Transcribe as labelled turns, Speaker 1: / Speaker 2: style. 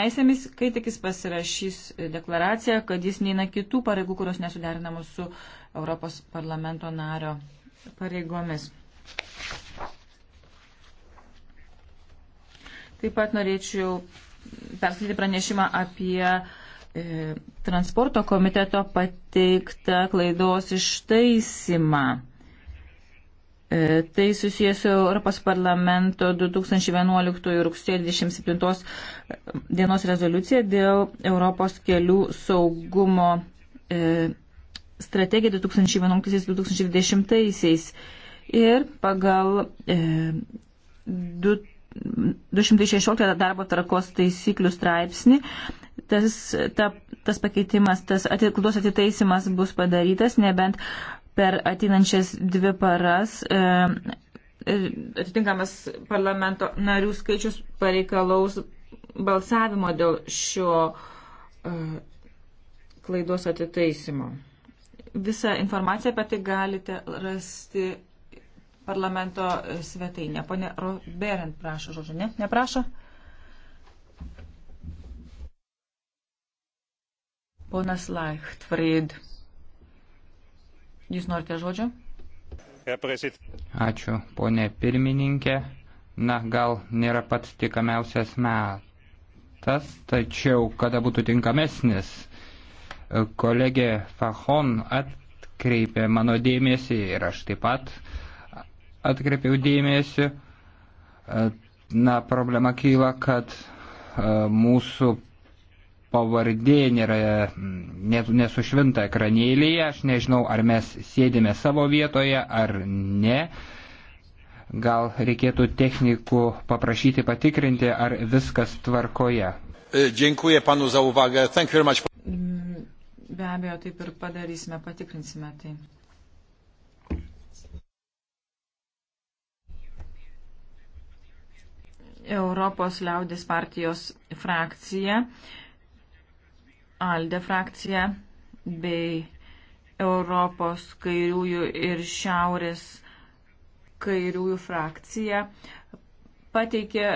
Speaker 1: teisėmis, kai tik jis pasirašys deklaraciją, kad jis neina kitų pareigų, kurios nesuderinamos su Europos parlamento nario pareigomis. Taip pat norėčiau perskaityti pranešimą apie e, transporto komiteto pateiktą klaidos ištaisimą. E, tai susijęs su Europos parlamento 2011 rugsėjo 27 e, dienos rezoliucija dėl Europos kelių saugumo e, strategija 2011-2020 ir pagal 216 darbo tarkos taisyklių straipsnį tas, ta, tas pakeitimas, tas atiklus atitaisimas bus padarytas, nebent per ateinančias dvi paras e, e, atitinkamas parlamento narių skaičius pareikalaus balsavimo dėl šio e, klaidos atitaisimo. Visą informaciją apie tai galite rasti parlamento svetainė. Pone Berent prašo žodžio, ne? Neprašo? Ponas Laichtfried. Jūs norite žodžio?
Speaker 2: Ačiū, ponė pirmininkė. Na, gal nėra pats tikamiausias metas, tačiau kada būtų tinkamesnis. Kolegė Fahon atkreipė mano dėmesį ir aš taip pat atkreipiau dėmesį. Na, problema kyla, kad e, mūsų pavardė nėra nesušvinta ekranėlėje, aš nežinau, ar mes sėdime savo vietoje ar ne. Gal reikėtų technikų paprašyti patikrinti, ar viskas tvarkoje. E, Dėkuoju panu za uvagę. Thank you very much. Mm,
Speaker 1: be abejo, taip ir padarysime, patikrinsime tai. Europos liaudės partijos frakcija ALDE frakcija bei Europos kairiųjų ir šiaurės kairiųjų frakcija pateikė